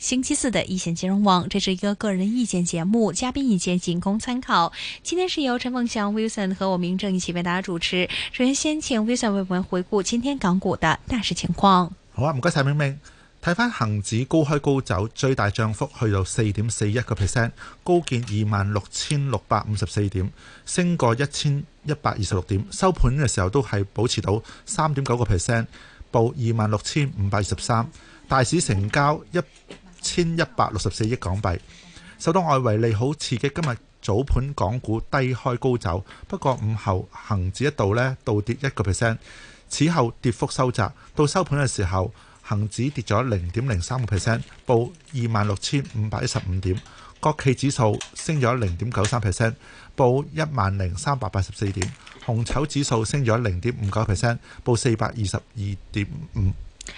星期四的一線金融網，這是一個個人意見節目，嘉賓意見僅供參考。今天是由陳鳳祥 Wilson 和我明正一起為大家主持。首先，先請 Wilson 為我們回顧今天港股的大市情況。好啊，唔該晒，明明。睇翻，恒指高開高走，最大漲幅去到四點四一個 percent，高見二萬六千六百五十四點，升過一千一百二十六點，收盤嘅時候都係保持到三點九個 percent，報二萬六千五百二十三。大市成交一。千一百六十四億港幣，受到外圍利好刺激，今日早盤港股低開高走，不過午後恒指一度咧倒跌一個 percent，此後跌幅收窄，到收盤嘅時候，恒指跌咗零點零三個 percent，報二萬六千五百一十五點；國企指數升咗零點九三 percent，報一萬零三百八十四點；紅籌指數升咗零點五九 percent，報四百二十二點五。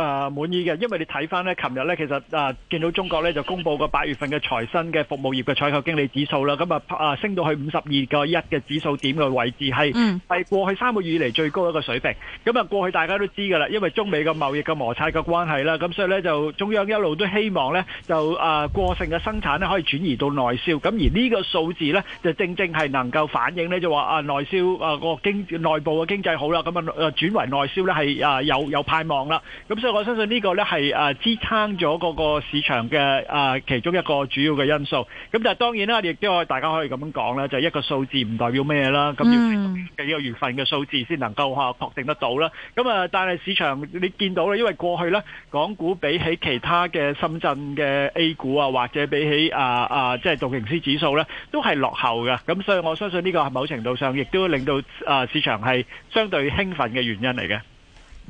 誒滿意嘅，因為你睇翻咧，琴日咧其實誒見到中國咧就公布個八月份嘅財新嘅服務業嘅採購經理指數啦，咁啊誒升到去五十二個一嘅指數點嘅位置，係係過去三個月以嚟最高一個水平。咁啊過去大家都知㗎啦，因為中美嘅貿易嘅摩擦嘅關係啦，咁所以咧就中央一路都希望咧就誒過剩嘅生產咧可以轉移到內銷，咁而呢個數字咧就正正係能夠反映咧就話啊內銷啊個經內部嘅經濟好啦，咁啊誒轉為內銷咧係啊有有盼望啦，咁所以。我相信呢個咧係誒支撐咗嗰個市場嘅誒其中一個主要嘅因素。咁但係當然啦，亦都可以大家可以咁樣講咧，就一個數字唔代表咩啦。咁要幾幾個月份嘅數字先能夠吓確定得到啦。咁啊，但係市場你見到咧，因為過去咧港股比起其他嘅深圳嘅 A 股啊，或者比起啊啊即係道瓊斯指數咧，都係落後嘅。咁所以我相信呢個喺某程度上亦都令到誒市場係相對興奮嘅原因嚟嘅。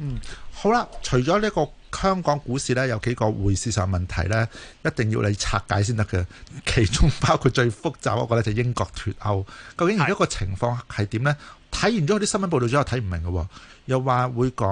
嗯，好啦，除咗呢個香港股市呢，有幾個匯市上問題呢，一定要你拆解先得嘅，其中包括最複雜嗰個呢就英國脱歐，究竟而家個情況係點呢？睇完咗啲新聞報道之後，又睇唔明嘅喎，又話會講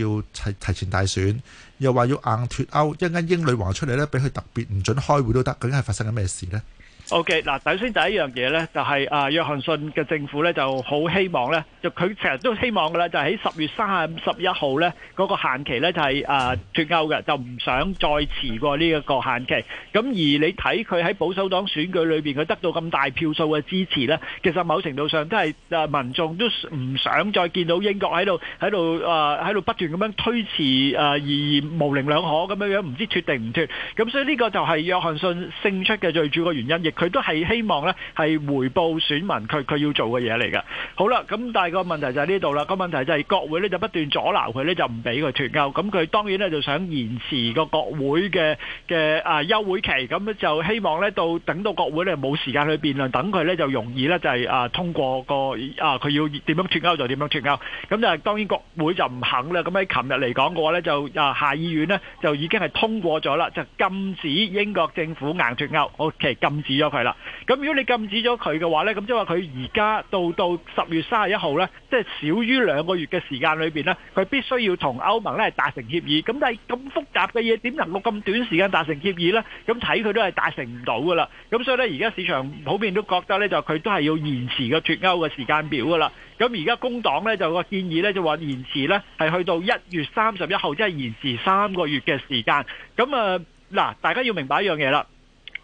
要提提前大選，又話要硬脱歐，一陣間英女王出嚟呢，俾佢特別唔准開會都得，究竟係發生緊咩事呢？O.K. 嗱，首先第一樣嘢咧，就係啊，約翰遜嘅政府咧就好希望咧，就佢成日都希望噶啦，就係喺十月三十一號咧嗰個限期咧就係啊脱歐嘅，就唔想再遲過呢一個限期。咁而你睇佢喺保守黨選舉裏邊佢得到咁大票數嘅支持咧，其實某程度上都係啊民眾都唔想再見到英國喺度喺度啊喺度不斷咁樣推遲啊而模棱兩可咁樣樣，唔知脱定唔脱。咁所以呢個就係約翰遜勝出嘅最主要嘅原因，亦，佢都係希望咧，係回報選民，佢佢要做嘅嘢嚟嘅。好啦，咁但係個問題就係呢度啦。個問題就係國會咧就不斷阻撓佢咧，就唔俾佢脱歐。咁佢當然咧就想延遲個國會嘅嘅啊休會期。咁就希望咧到等到國會咧冇時間去辯論，等佢咧就容易咧就係啊通過個啊佢要點樣脱歐就點樣脱歐。咁就係當然國會就唔肯啦。咁喺琴日嚟講嘅話咧，就啊下議院咧就已經係通過咗啦，就禁止英國政府硬脱歐。OK 禁止咗。係啦，咁如果你禁止咗佢嘅話呢，咁即係話佢而家到到十月三十一號呢，即係少於兩個月嘅時間裏邊呢，佢必須要同歐盟呢係達成協議。咁但係咁複雜嘅嘢，點能夠咁短時間達成協議呢？咁睇佢都係達成唔到噶啦。咁所以呢，而家市場普遍都覺得呢，就佢都係要延遲個脱歐嘅時間表噶啦。咁而家工黨呢，就個建議呢，就話延遲呢係去到一月三十一號，即係延遲三個月嘅時間。咁啊，嗱，大家要明白一樣嘢啦。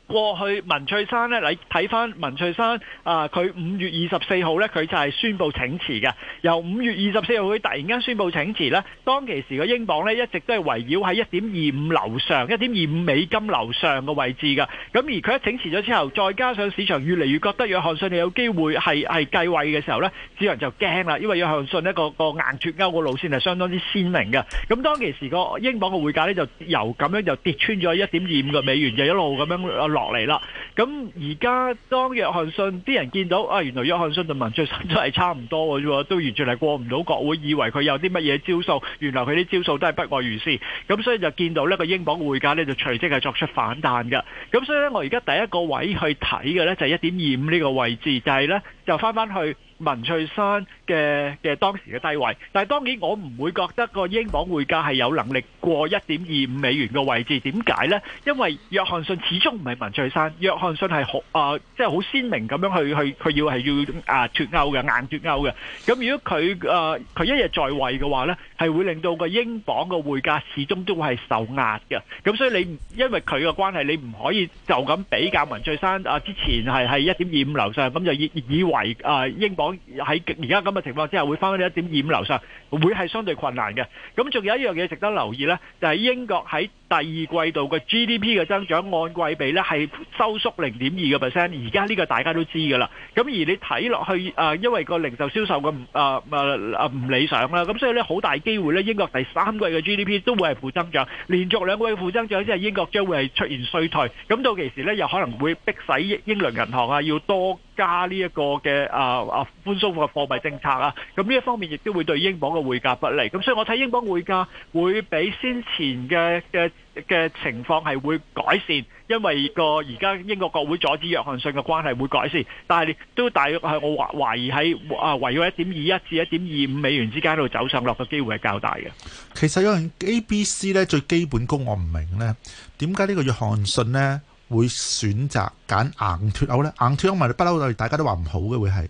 過去文翠山咧，你睇翻文翠山啊，佢五月二十四號咧，佢就係宣布請辭嘅。由五月二十四號佢突然間宣布請辭咧，當其時個英鎊咧一直都係圍繞喺一點二五樓上、一點二五美金樓上嘅位置嘅。咁而佢一請辭咗之後，再加上市場越嚟越覺得約翰遜有機會係係繼位嘅時候咧，只能就驚啦，因為約翰遜呢個個硬脱歐嘅路線係相當之鮮明嘅。咁當其時個英鎊嘅匯價咧，就由咁樣就跌穿咗一點二五嘅美元，就一路咁樣啊。落嚟啦，咁而家當約翰遜啲人見到啊，原來約翰遜同文卓生都係差唔多嘅啫，都完全係過唔到國會，以為佢有啲乜嘢招數，原來佢啲招數都係不外如是，咁所以就見到呢個英鎊匯價呢，就隨即係作出反彈嘅，咁所以咧我而家第一個位去睇嘅呢，就係一點二五呢個位置，就係、是、呢，就翻翻去文翠山嘅嘅當時嘅低位，但係當然我唔會覺得個英鎊匯價係有能力過一點二五美元嘅位置，點解咧？因為約翰遜始終唔係文翠山，約翰遜係好啊，即係好鮮明咁樣去去佢要係要啊脱歐嘅硬脱歐嘅。咁如果佢啊佢一日在位嘅話咧，係會令到個英鎊嘅匯價始終都係受壓嘅。咁所以你因為佢嘅關係，你唔可以就咁比較文翠山啊之前係係一點二五樓上咁，就以以為啊英鎊。講喺而家咁嘅情況之下，會翻翻一點二五樓上，會係相對困難嘅。咁仲有一樣嘢值得留意咧，就係英國喺第二季度嘅 GDP 嘅增長按季比咧係收縮零點二個 percent，而家呢個大家都知噶啦。咁而你睇落去誒，因為個零售銷售嘅誒誒唔理想啦，咁所以咧好大機會咧英國第三季嘅 GDP 都會係負增長，連續兩個月負增長，即係英國將會係出現衰退。咁到其時咧又可能會逼使英倫銀行啊要多加呢一個嘅誒誒寬鬆嘅貨幣政策啊。咁呢一方面亦都會對英鎊嘅匯價不利。咁所以我睇英鎊匯價會比先前嘅嘅。嘅情況係會改善，因為個而家英國國會阻止約翰遜嘅關係會改善，但係都大約係我懷懷疑喺啊圍繞一點二一至一點二五美元之間度走上落嘅機會係較大嘅。其實有樣 A、B、C 呢最基本功我唔明呢，點解呢個約翰遜呢會選擇揀硬脱歐呢？硬脱歐咪不嬲大家都話唔好嘅會係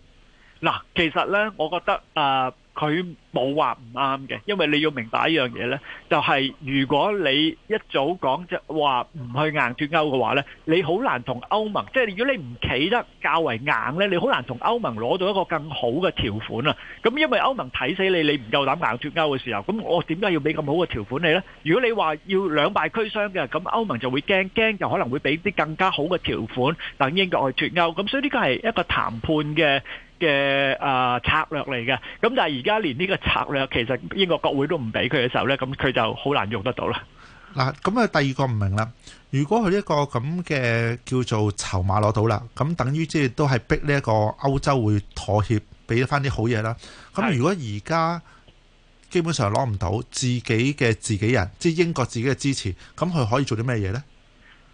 嗱，其實呢，我覺得啊。呃佢冇話唔啱嘅，因為你要明白一樣嘢呢，就係如果你一早講就話唔去硬脱歐嘅話呢，你好難同歐盟，即係如果你唔企得較為硬呢，你好難同歐盟攞到一個更好嘅條款啊！咁因為歐盟睇死你，你唔夠膽硬脱歐嘅時候，咁我點解要俾咁好嘅條款你呢？如果你話要兩敗俱傷嘅，咁歐盟就會驚驚，就可能會俾啲更加好嘅條款等英國去脱歐。咁所以呢個係一個談判嘅。嘅、呃、策略嚟嘅，咁但係而家連呢個策略，其實英國國會都唔俾佢嘅時候呢，咁佢就好難用得到啦。嗱，咁啊，第二個唔明啦。如果佢呢個咁嘅叫做籌碼攞到啦，咁等於即係都係逼呢一個歐洲會妥協，俾翻啲好嘢啦。咁的如果而家基本上攞唔到自己嘅自己人，即係英國自己嘅支持，咁佢可以做啲咩嘢呢？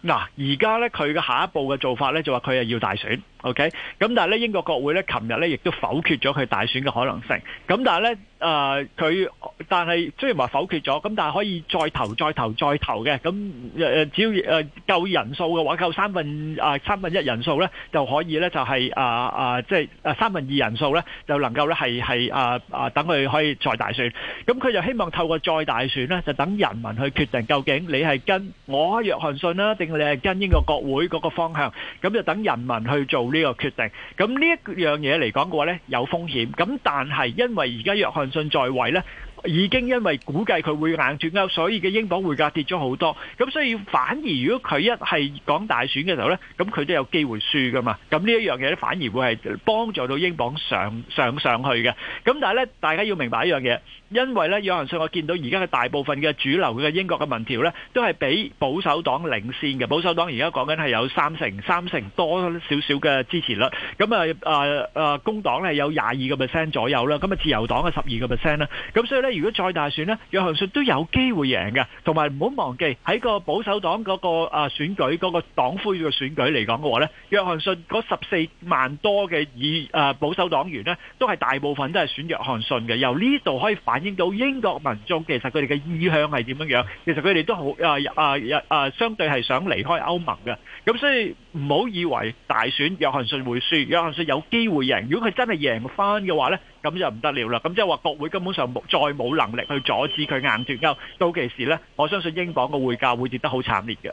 嗱，而家呢，佢嘅下一步嘅做法呢，就話佢係要大選。OK，咁但係咧英國國會咧，琴日咧亦都否決咗佢大選嘅可能性。咁但係咧，誒佢，但係雖然話否決咗，咁但係可以再投、再投、再投嘅。咁誒誒，只要誒夠人數嘅話，夠三分誒三分一人數咧，就可以咧就係誒誒，即係誒三分二人數咧，就能夠咧係係誒誒等佢可以再大選。咁佢就希望透過再大選咧，就等人民去決定究竟你係跟我約翰遜啦，定你係跟英國國會嗰個方向。咁就等人民去做。呢個決定咁呢一樣嘢嚟講嘅話呢，有風險。咁但係因為而家約翰遜在位呢，已經因為估計佢會硬轉鈎，所以嘅英鎊匯價跌咗好多。咁所以反而如果佢一係講大選嘅時候呢，咁佢都有機會輸噶嘛。咁呢一樣嘢咧，反而會係幫助到英鎊上上上去嘅。咁但係呢，大家要明白一樣嘢。因為咧，約翰遜我見到而家嘅大部分嘅主流嘅英國嘅民調咧，都係俾保守黨領先嘅。保守黨而家講緊係有三成三成多少少嘅支持率。咁啊啊啊工黨咧有廿二個 percent 左右啦。咁啊自由黨啊十二個 percent 啦。咁所以咧，如果再大選咧，約翰遜都有機會贏嘅。同埋唔好忘記喺個保守黨嗰個啊選舉嗰個黨魁嘅選舉嚟講嘅話咧，約翰遜嗰十四萬多嘅以啊保守黨員咧，都係大部分都係選約翰遜嘅。由呢度可以反。見到英國民眾其實佢哋嘅意向係點樣樣？其實佢哋都好啊啊啊！相對係想離開歐盟嘅，咁所以唔好以為大選約翰遜會輸，約翰遜有機會贏。如果佢真係贏翻嘅話咧，咁就唔得了啦。咁即係話國會根本上冇再冇能力去阻止佢硬斷交硬脫歐，到其時咧，我相信英鎊嘅匯價會跌得好慘烈嘅。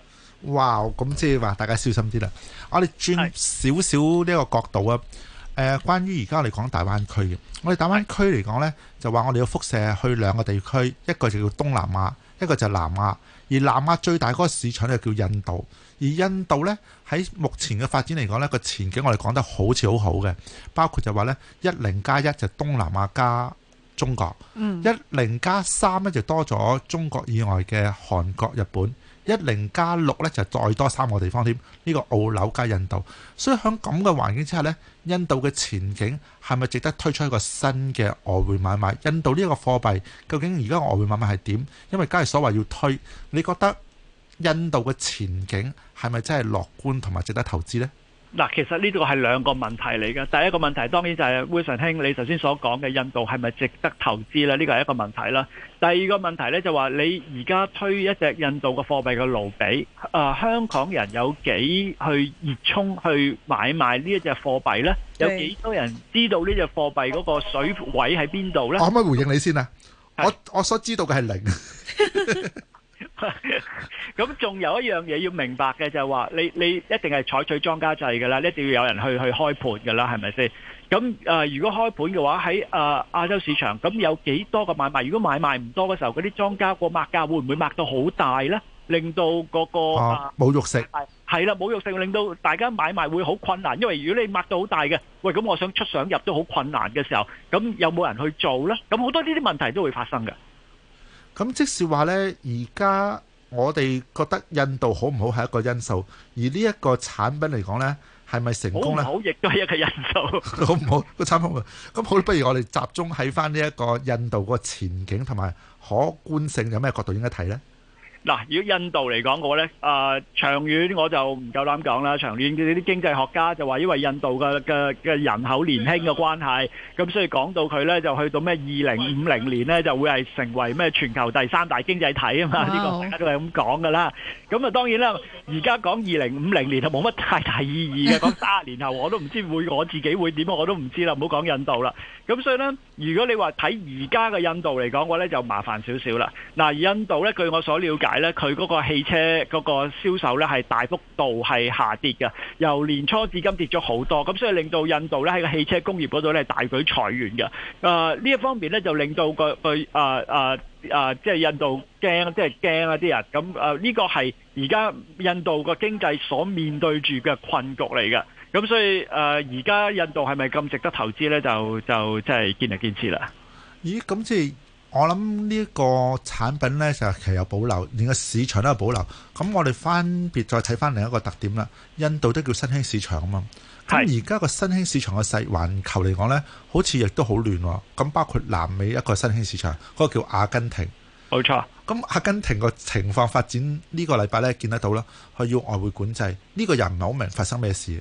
哇！咁即係話大家小心啲啦。我哋轉少少呢個角度啊。誒、呃，關於而家我哋講大灣區嘅，我哋大灣區嚟講呢，就話我哋要輻射去兩個地區，一個就叫東南亞，一個就南亞。而南亞最大嗰個市場就叫印度，而印度呢，喺目前嘅發展嚟講呢個前景，我哋講得好似好好嘅，包括就話呢，一零加一就東南亞加中國，一零加三呢就多咗中國以外嘅韓國、日本。一零加六咧就再多三個地方添，呢個澳紐加印度，所以喺咁嘅環境之下，呢印度嘅前景係咪值得推出一個新嘅外匯買賣？印度呢個貨幣究竟而家外匯買賣係點？因為梗係所謂要推，你覺得印度嘅前景係咪真係樂觀同埋值得投資呢？嗱，其實呢個係兩個問題嚟嘅。第一個問題當然就係、是、會常兄你頭先所講嘅印度係咪值得投資咧？呢個係一個問題啦。第二個問題呢，就話你而家推一隻印度嘅貨幣嘅盧比，啊、呃、香港人有幾去熱衷去買賣呢一隻貨幣呢？是有幾多人知道呢隻貨幣嗰個水位喺邊度呢？我可唔可以回應你先啊？是我我所知道嘅係零。 咁仲有一樣嘢要明白嘅就係話，你你一定係採取莊家制嘅啦，一定要有人去去開盤嘅啦，係咪先？咁誒，如果開盤嘅話，喺誒亞洲市場，咁有幾多個買賣？如果買賣唔多嘅時候，嗰啲莊家個抹價會唔會抹到好大呢？令到嗰個冇肉食係啦，冇肉食令到大家買賣會好困難，因為如果你抹到好大嘅，喂，咁我想出想入都好困難嘅時候，咁有冇人去做呢？咁好多呢啲問題都會發生嘅。咁即使話呢，而家我哋覺得印度好唔好係一個因素，而呢一個產品嚟講呢，係咪成功呢？好唔好亦都係一個因素。 好唔好個產品？咁好，不如我哋集中喺返呢一個印度個前景同埋可觀性，有咩角度應該睇呢？嗱，如果印度嚟講我咧，誒、呃、長遠我就唔夠膽講啦。長遠嗰啲經濟學家就話，因為印度嘅嘅嘅人口年輕嘅關係，咁所以講到佢咧就去到咩二零五零年咧，就會係成為咩全球第三大經濟體啊嘛。呢、啊、個大家都係咁講噶啦。咁啊當然啦，而家講二零五零年就冇乜太大意義嘅。講卅年後我都唔知會我自己會點，我都唔知啦。唔好講印度啦。咁所以咧，如果你話睇而家嘅印度嚟講，我咧就麻煩少少啦。嗱，印度咧據我所了解。係咧，佢嗰個汽車嗰個銷售咧係大幅度係下跌嘅，由年初至今跌咗好多，咁所以令到印度咧喺個汽車工業嗰度咧大舉裁員嘅。誒、呃、呢一方面咧就令到佢，佢誒誒誒，即係印度驚，即係驚一啲人。咁誒呢個係而家印度個經濟所面對住嘅困局嚟嘅。咁所以誒而家印度係咪咁值得投資咧？就就即係見仁見智啦。咦？咁即係。我諗呢個產品呢，就其實有保留，連個市場都有保留。咁我哋分別再睇翻另一個特點啦。印度都叫新興市場啊嘛，咁而家個新興市場嘅勢，環球嚟講呢，好似亦都好亂，哦。咁包括南美一個新興市場，嗰個叫阿根廷，冇錯。咁阿根廷個情況發展呢個禮拜呢見得到啦，佢要外匯管制呢，個人唔係好明發生咩事。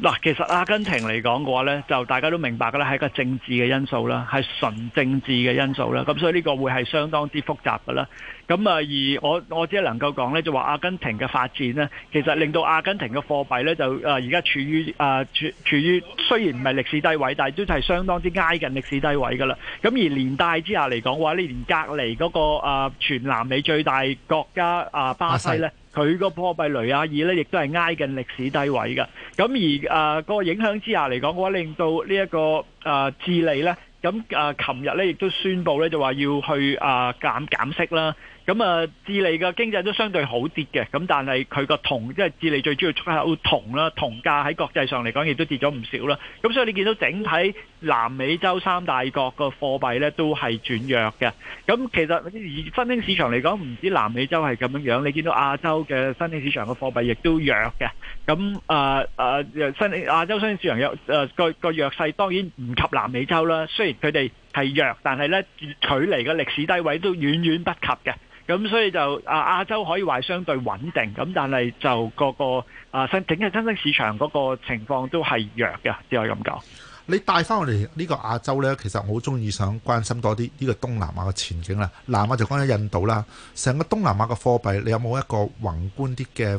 嗱，其實阿根廷嚟講嘅話呢，就大家都明白㗎喇，係一個政治嘅因素啦，係純政治嘅因素啦，咁所以呢個會係相當之複雜㗎喇。咁啊，而我我只係能夠講咧，就話、是、阿根廷嘅發展咧，其實令到阿根廷嘅貨幣咧就誒而家處於誒、呃、處處於雖然唔係歷史低位，但係都係相當之挨近歷史低位噶啦。咁而連帶之下嚟講嘅話，呢連隔離嗰、那個、呃、全南美最大國家啊、呃、巴西咧，佢個貨幣雷亞爾咧，亦都係挨近歷史低位㗎。咁而誒、呃、那個影響之下嚟講嘅話，令到呢、這、一個誒、呃、智利咧，咁誒琴日咧亦都宣布咧，就話、是、要去誒、呃、減減息啦。咁啊，智利嘅經濟都相對好跌嘅，咁但係佢個銅即係智利最主要出口銅啦，銅價喺國際上嚟講亦都跌咗唔少啦。咁所以你見到整體南美洲三大國個貨幣咧都係轉弱嘅。咁其實以新興市場嚟講，唔止南美洲係咁樣，你見到亞洲嘅新興市場個貨幣亦都弱嘅。咁啊啊，新亞洲新興市場弱，誒、呃、個個弱勢當然唔及南美洲啦。雖然佢哋係弱，但係咧佢離嘅歷史低位都遠遠不及嘅。咁所以就啊，亞洲可以話相對穩定，咁但係就個個啊整個新興市場嗰個情況都係弱嘅，只可以咁講。你帶翻我哋呢個亞洲咧，其實我好中意想關心多啲呢個東南亞嘅前景啦。南亞就講咗印度啦，成個東南亞嘅貨幣，你有冇一個宏觀啲嘅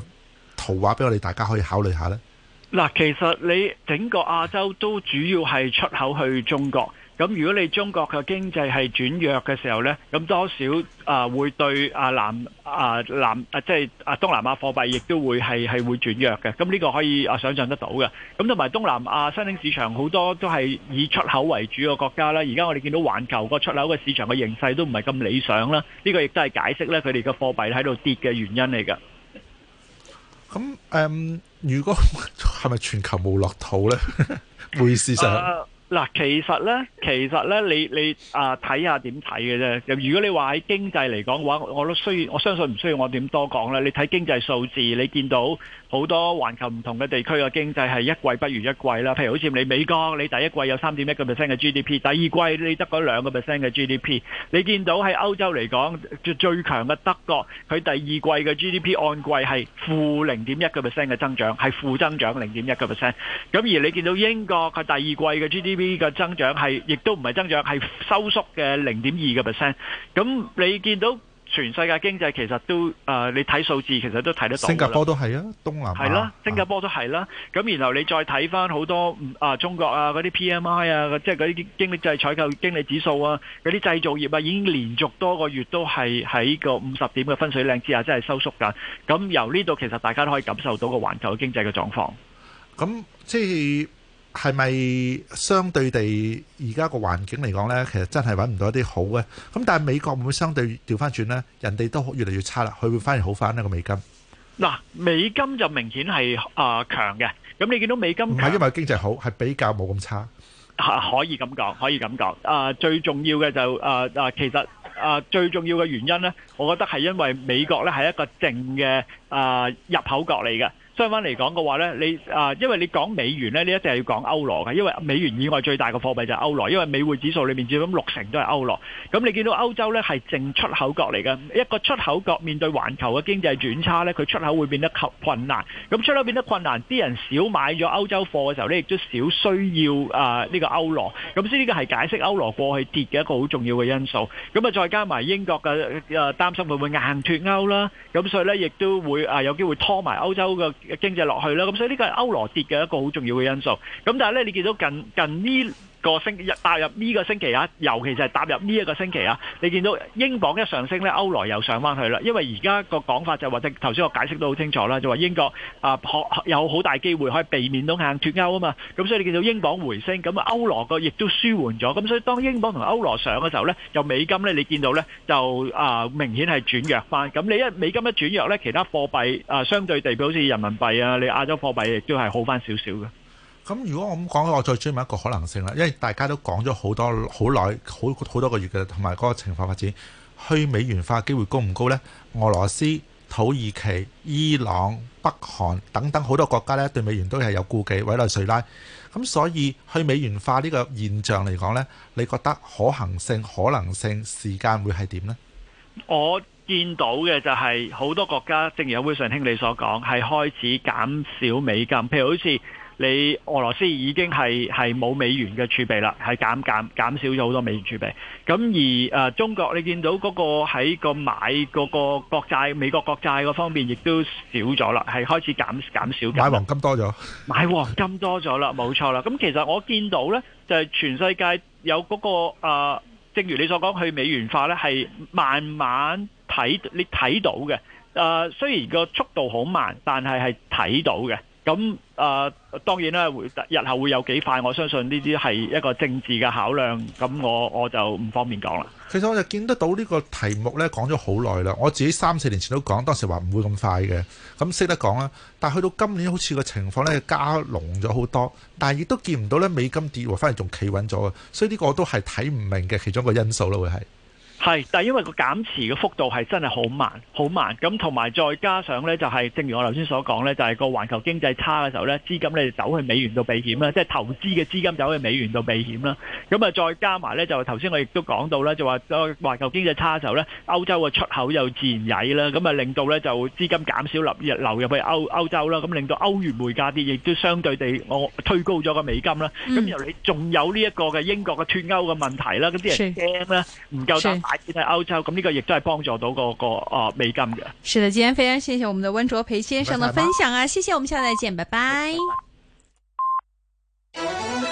圖畫俾我哋大家可以考慮下咧？嗱，其實你整個亞洲都主要係出口去中國。咁如果你中國嘅經濟係轉弱嘅時候咧，咁多少啊會對啊南啊南啊即係啊東南亞貨幣亦都會係係會轉弱嘅。咁呢個可以啊想象得到嘅。咁同埋東南亞新興市場好多都係以出口為主嘅國家啦。而家我哋見到環球個出口嘅市場嘅形勢都唔係咁理想啦。呢個亦都係解釋咧佢哋嘅貨幣喺度跌嘅原因嚟嘅。咁誒，如果係咪全球冇樂土咧？唔好意思，成。嗱，其實咧，其實咧，你你啊睇下點睇嘅啫。咁如果你話喺經濟嚟講嘅話，我都需要我相信唔需要我點多講啦。你睇經濟數字，你見到好多環球唔同嘅地區嘅經濟係一季不如一季啦。譬如好似你美國，你第一季有三點一個 percent 嘅 GDP，第二季你得嗰兩個 percent 嘅 GDP。你見到喺歐洲嚟講最強嘅德國，佢第二季嘅 GDP 按季係負零點一個 percent 嘅增長，係負增長零點一個 percent。咁而你見到英國佢第二季嘅 GDP，呢個增長係亦都唔係增長，係收縮嘅零點二個 percent。咁你見到全世界經濟其實都誒，你睇數字其實都睇得到。新加坡都係啊，東南亞係啦，新加坡都係啦。咁然後你再睇翻好多啊中國啊嗰啲 PMI 啊，即係嗰啲經濟採購經理指數啊，嗰啲製造業啊，已經連續多個月都係喺個五十點嘅分水嶺之下，即係收縮㗎。咁由呢度其實大家都可以感受到個環球經濟嘅狀況。咁即係。係咪相對地而家個環境嚟講呢，其實真係揾唔到一啲好嘅。咁但係美國會唔會相對調翻轉呢？人哋都越嚟越差啦，佢會反而好翻呢個美金？嗱，美金就明顯係啊強嘅。咁你見到美金唔係因為經濟好，係比較冇咁差。係可以咁講，可以咁講。啊，最重要嘅就啊啊，其實啊最重要嘅原因呢，我覺得係因為美國呢係一個淨嘅啊入口國嚟嘅。相反嚟講嘅話咧，你啊，因為你講美元咧，你一定係要講歐羅㗎，因為美元以外最大嘅貨幣就係歐羅，因為美匯指數裡面至少六成都係歐羅。咁你見到歐洲咧係淨出口國嚟嘅，一個出口國面對環球嘅經濟轉差咧，佢出口會變得困難。咁出口變得困難，啲人少買咗歐洲貨嘅時候咧，亦都少需要啊呢個歐羅。咁所以呢個係解釋歐羅過去跌嘅一個好重要嘅因素。咁啊，再加埋英國嘅啊擔心會唔會硬脱歐啦，咁所以咧亦都會啊有機會拖埋歐洲嘅嘅經濟落去啦，咁所以呢個係歐羅跌嘅一個好重要嘅因素。咁但係咧，你見到近近呢個星期入踏入呢個星期啊，尤其就係踏入呢一個星期啊，你見到英鎊一上升咧，歐羅又上翻去啦。因為而家個講法就話，頭先我解釋到好清楚啦，就話英國啊，有好大機會可以避免到硬脫歐啊嘛。咁所以你見到英鎊回升，咁歐羅個亦都舒緩咗。咁所以當英鎊同歐羅上嘅時候咧，就美金咧，你見到咧就啊明顯係轉弱翻。咁你一美金一轉弱咧，其他貨幣啊，相對地，好似人民幣啊，你亞洲貨幣亦都係好翻少少嘅。咁如果我咁講，我再追問一個可能性啦，因為大家都講咗好多好耐，好好多個月嘅，同埋嗰個情況發展，去美元化機會高唔高咧？俄羅斯、土耳其、伊朗、北韓等等好多國家咧，對美元都係有顧忌，委內瑞拉，咁所以去美元化呢個現象嚟講咧，你覺得可行性、可能性、時間會係點咧？我見到嘅就係好多國家，正如阿會長兄你所講，係開始減少美金，譬如好似。你俄羅斯已經係係冇美元嘅儲備啦，係減減減少咗好多美元儲備。咁而誒，中國，你見到嗰個喺個買嗰個國債美國國債嗰方面，亦都少咗啦，係開始減減少咗。買黃金多咗，買黃金多咗啦，冇錯啦。咁其實我見到呢，就係全世界有嗰個誒，正如你所講，去美元化呢，係慢慢睇你睇到嘅。誒，雖然個速度好慢，但係係睇到嘅。咁啊、呃，當然啦，日後會有幾快，我相信呢啲係一個政治嘅考量。咁我我就唔方便講啦。其實我就見得到呢個題目呢講咗好耐啦。我自己三四年前都講，當時話唔會咁快嘅。咁識得講啦，但去到今年好似個情況呢加濃咗好多，但亦都見唔到呢美金跌，反而仲企穩咗嘅。所以呢個我都係睇唔明嘅其中一個因素咯，會係。係，但係因為個減持嘅幅度係真係好慢，好慢。咁同埋再加上咧，就係正如我頭先所講咧，就係個環球經濟差嘅時候咧，資金咧就走去美元度避險啦，即係投資嘅資金走去美元度避險啦。咁啊，再加埋咧就頭先我亦都講到啦，就話個環球經濟差嘅時候咧，歐洲嘅出口又自然矮啦，咁啊令到咧就資金減少流入流入去歐歐洲啦，咁令到歐元匯價啲，亦都相對地我推高咗個美金啦。咁由你仲有呢一個嘅英國嘅脱歐嘅問題啦，咁啲人驚啦，唔夠膽。而喺歐洲，咁、這、呢個亦都係幫助到嗰個誒美金嘅。是的，今天非常謝謝我們的溫灼培先生嘅分享啊！謝謝，我們下次再見，拜拜。拜拜。